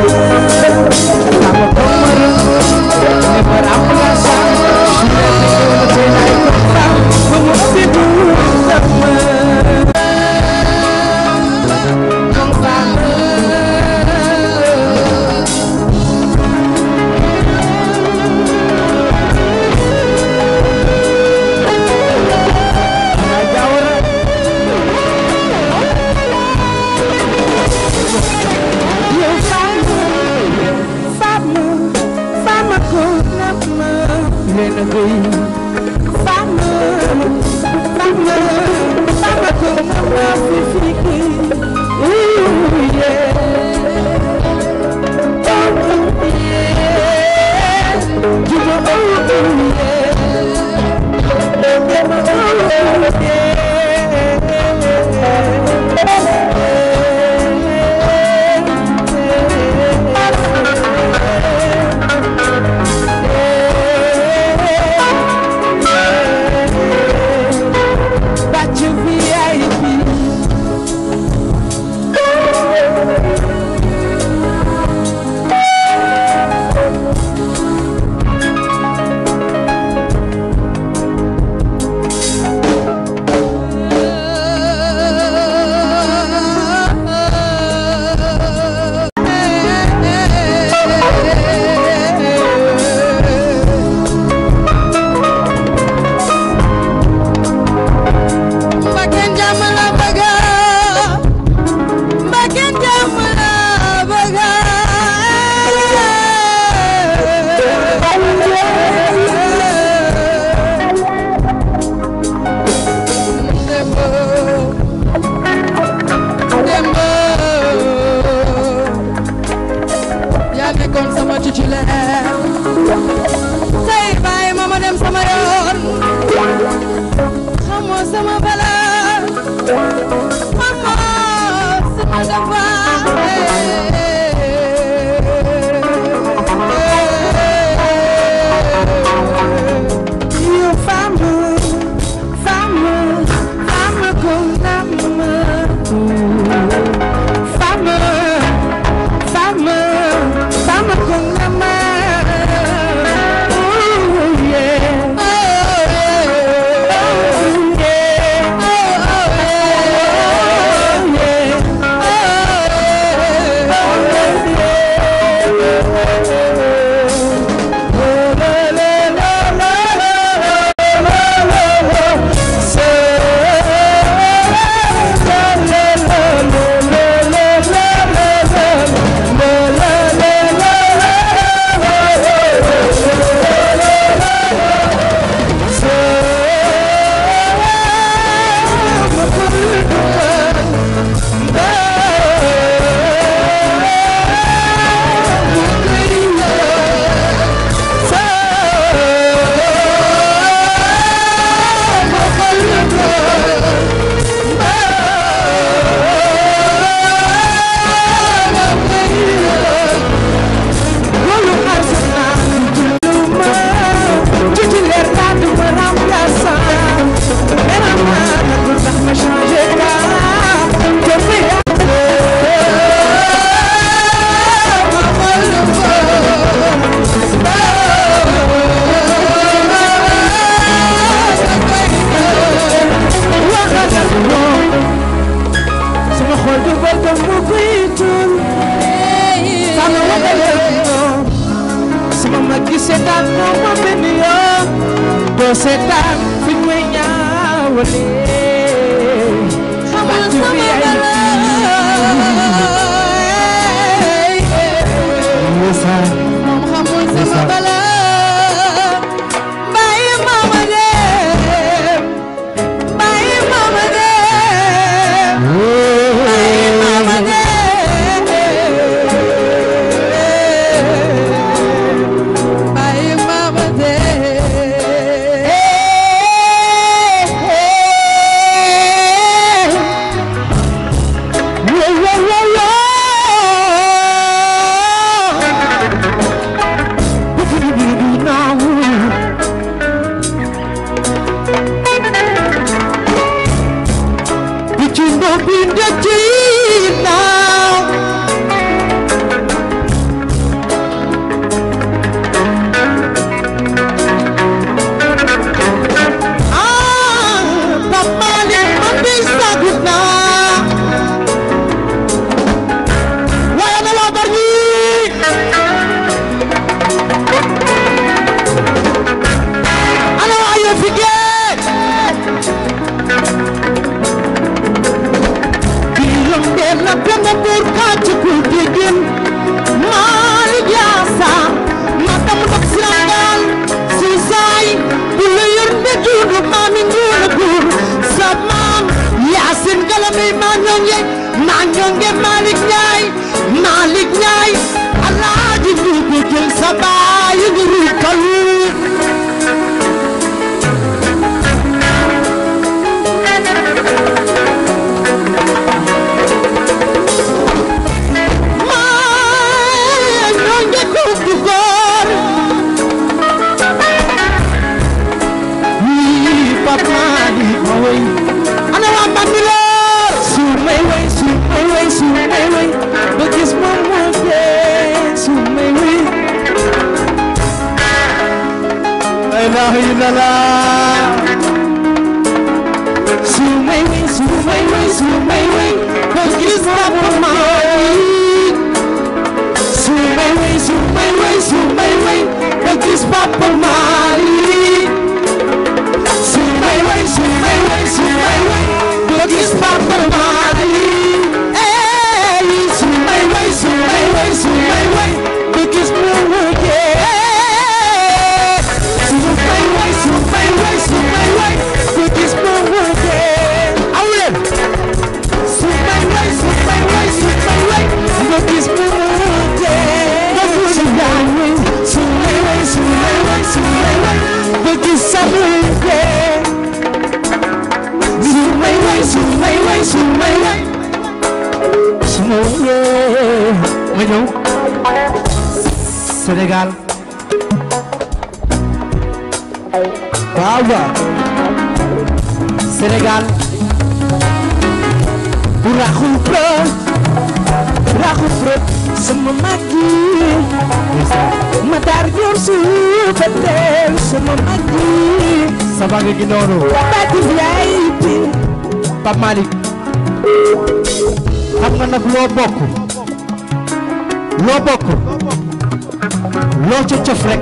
Thank you. Jesus. judu mami ngulu kulu Samam Yasin kalami manyonge Manyonge malik nyai Malik nyai Allah jidu bukil sabayi nguru kalu dela Sumei, sumei, sumei, conquista por mãe Sumei, sumei, sumei, conquista por mãe Sénégal waaw waaw Sénégal bu raxul pro raxul ma daar ñoom suufa teew sama mag yi sama nga gi noonu bati VIP Pape Malick xam nga nag loo bokk loo bokk loo ca cëf rek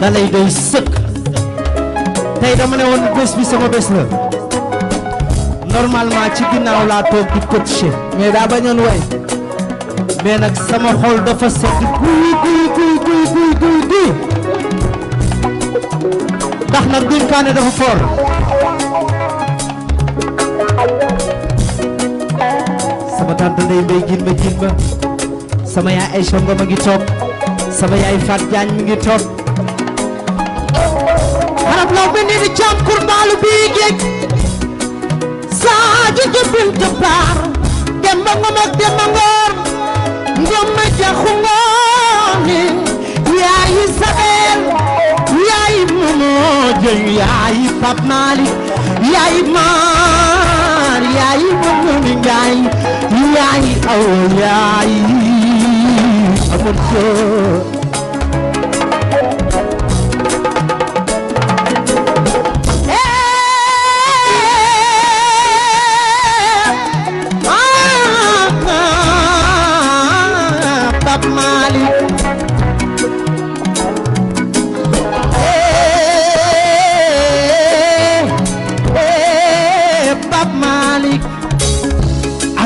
da doy sëkk tey dama ne woon bés bi sama bés la normalement ci ginnaaw laa toog di cotiché mais daa bañoon way mais nag sama xol dafa sedd guy guy guy guy guy guy guy ndax nag sama yaay ay songo ma toog sama yaay Fat Diagne mi ngi toog harap law mi ni di caam kurmaalu bii géej saaju jëppil jëppaar demba ngom ak demba ngoor ngom ma jaxu ngooni yaayi Samel yaayi Momo Dieng yaayi Pap Malick yaayi maar yaayi Momo mi ngaay yaayi aw yaayi amul soo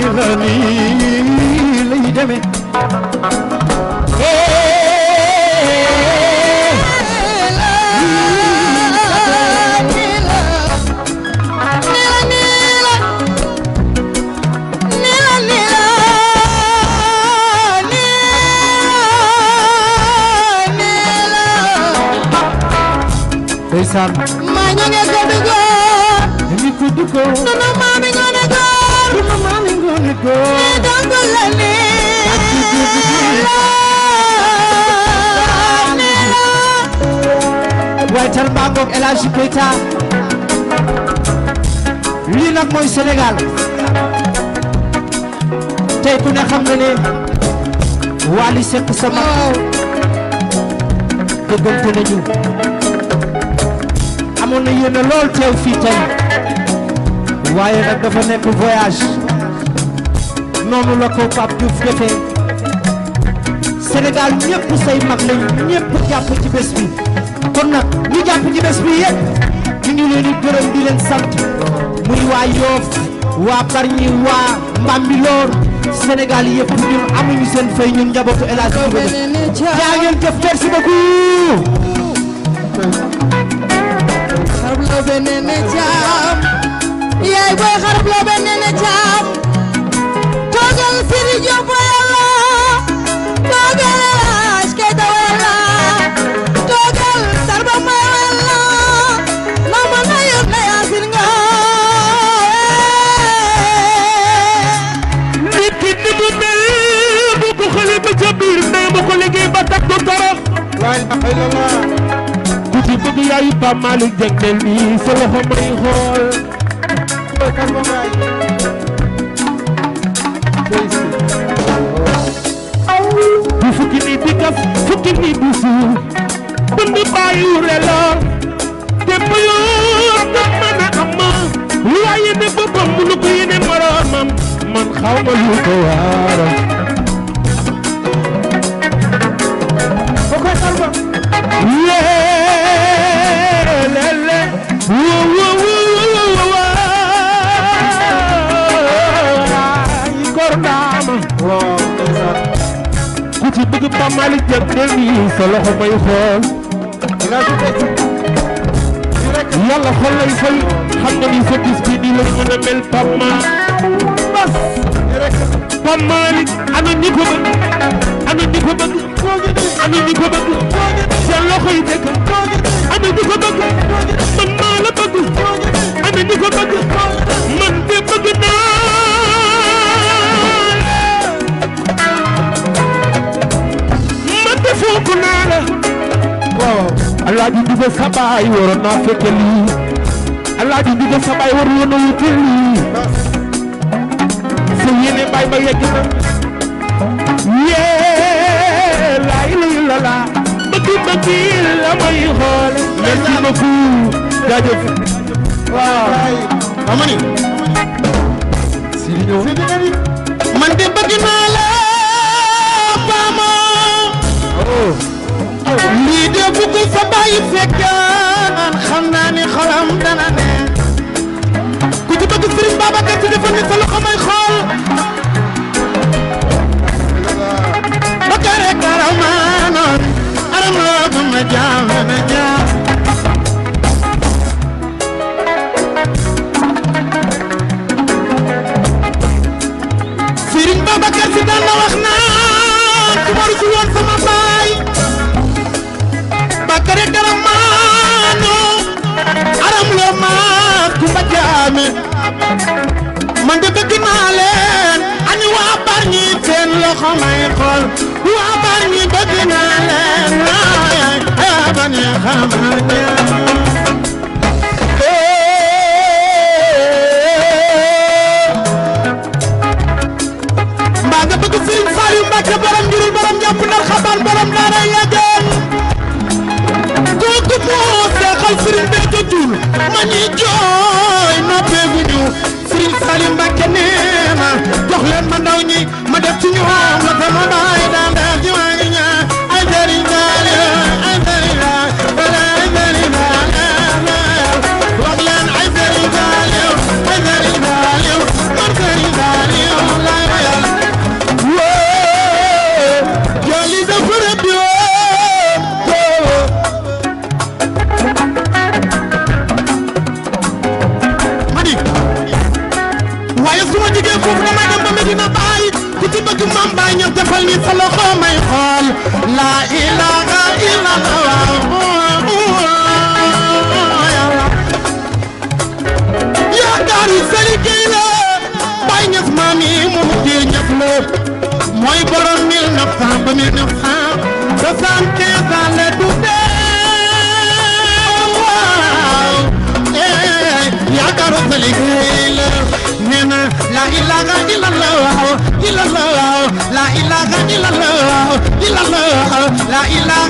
lay deme Sam. Mañana es domingo. En mi cutuco. Marcel Mbagoog lii nag mooy Sénégal tey ku ne xam nga ne Wally Seck sama dëggante nañu amoon na yéen lool teew fii tey waaye nag dafa nekk voyage noonu la ko Pape Diouf defee Sénégal ñëpp say mag lañu ñëpp jàpp ci bés bi. kon nag ñu jàpp ci bés bi yëpp ñu leen di gërëm di leen sant muy waa Yoof waa Bargny waa Mbambilor Sénégal yëpp ñun amuñu seen fay ñun njabootu El Hadj Diouf jaa ngeen jëf merci Pape Malick Dieng nii sa loxo may xool bu fukki nit di kaf fukki nit di suur bun di bàyyi reloor te bu yoor nga mën a am waaye ne boppam mënu ko yéene moroomam man xaw ma lu sa loxo may xool yàlla xool lay fay xam nga ni sa bis bi nii la mën a mel Pape Malick Pape Malick ana ñi ko bëgg ana man maa la bëgg ana ñi ko bëgg man de bëgg naa Njuuga sa baay waroon naa fekke lii Alaaji Njuuga sa baay waroon na wuute lii sa yéene baay ba yegg na yee laa ilaaha illallaah bëgg bëgg la may xool merci beaucoup jaajëf waaw amani man de bëgg naa la baama oh. lii de bu ko fa bàyyi fekkaan xam naa ne xolam dana ne ku ci bëgg Serigne Babacar Sy defal ni sa Dramé man de dëgg naa ani waa Bargny seen loxo may xool waa Bargny bëgg naa leen ay ay ay Bring you home like my mind. julli sa loxo may xool la ilaha illallah yaakaaru Serigne Gueye la Baye Niass maam yi moomu diir ñëpp la mooy borom 1900 ba 1975 ans la dundee waaw eh, yaakaaru Serigne Gueye la nee na la ilaha illallah la ilaha illallah illallah la ilaha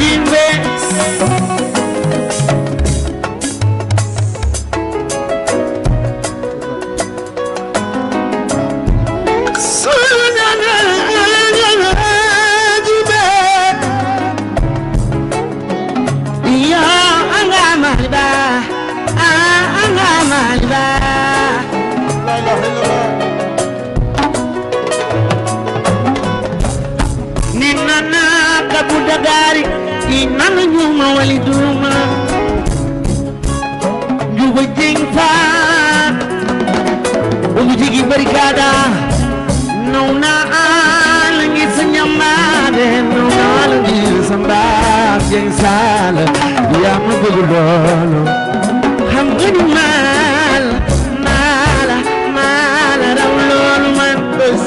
You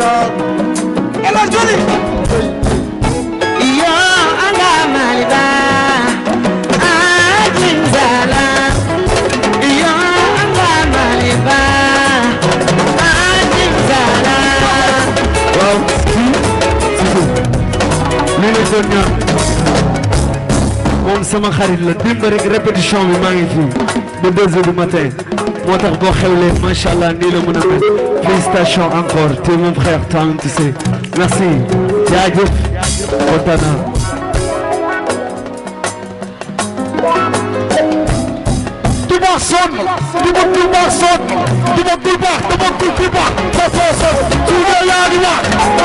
Ela Juli Yo anga maliba Ajinzala Yo anga maliba Ajinzala Wow Lili Sonia moom sama xarit la démb rek répétition bi maa ngi fi ba deux heures du matin moo tax boo xewlee macha allah nii la mën a mel félicitations encore te mon frère Tange Toussé merci jaajëf kontaan naa Touba sonn Touba Touba sonn Touba Touba Touba Touba Touba Touba Touba Touba Touba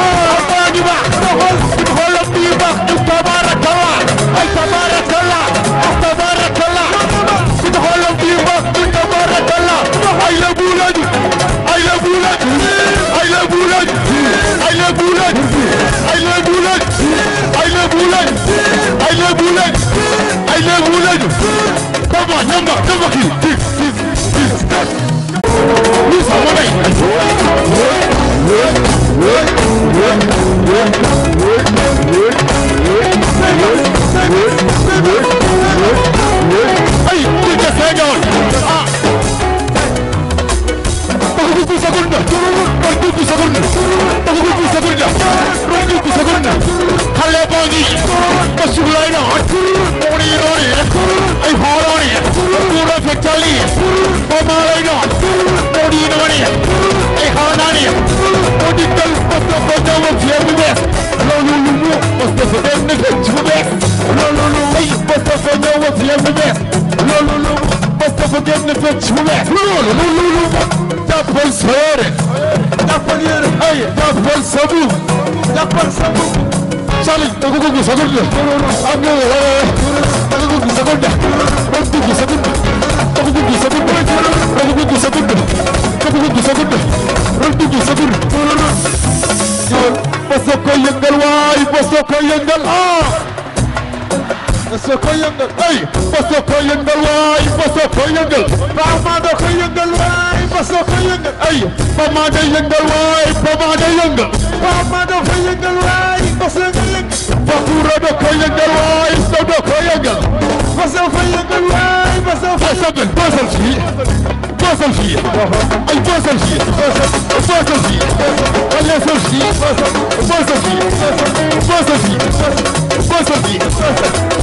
లేపాంగి పశువులైన హక్కులు మోడీలోని హక్కులు అవి హారాని హక్కులు కూడా పెట్టాలి బొమ్మలైన హక్కులు మోడీలోని హక్కులు అవి హారాని పొడికల్ పత్ర ప్రజావ ఫేమిదే లోలులుము పస్తపదన్ని పెంచుకునే లోలులు పస్త ప్రజావ ఫేమిదే లోలులు పస్తపదన్ని పెంచుకునే లోలులు తప్పల్ సోరే తప్పల్ సబు తప్పల్ సబు Salih takıkı sakınca. Anne takıkı sakınca. Takıkı sakınca. Takıkı sakınca. Takıkı sakınca. Takıkı sakınca. Takıkı sakınca. Basta koy yengal vay basta koy yengal ah. Basta koy yengal hey basta koy yengal vay basta koy yengal. Mama da koy yengal vay basta koy yengal hey mama da yengal vay mama da yengal. Mama da koy yengal vay basta فاتورة دكوية قلواي دكوية قل فسوف يقل واي فسوف يقل بوصل فيه بوصل فيه اي بوصل فيه بوصل فيه ولا يوصل فيه بوصل فيه بوصل فيه بوصل فيه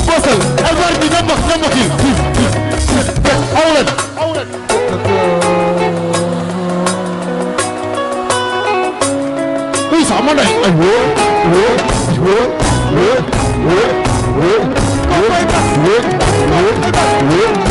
بوصل البرد نمخ نمخ اولد اولد ايش عملنا ايوه ايوه ايوه Whoop, whoop, whoop, whoop, whoop, whoop, whoop, whoop, whoop,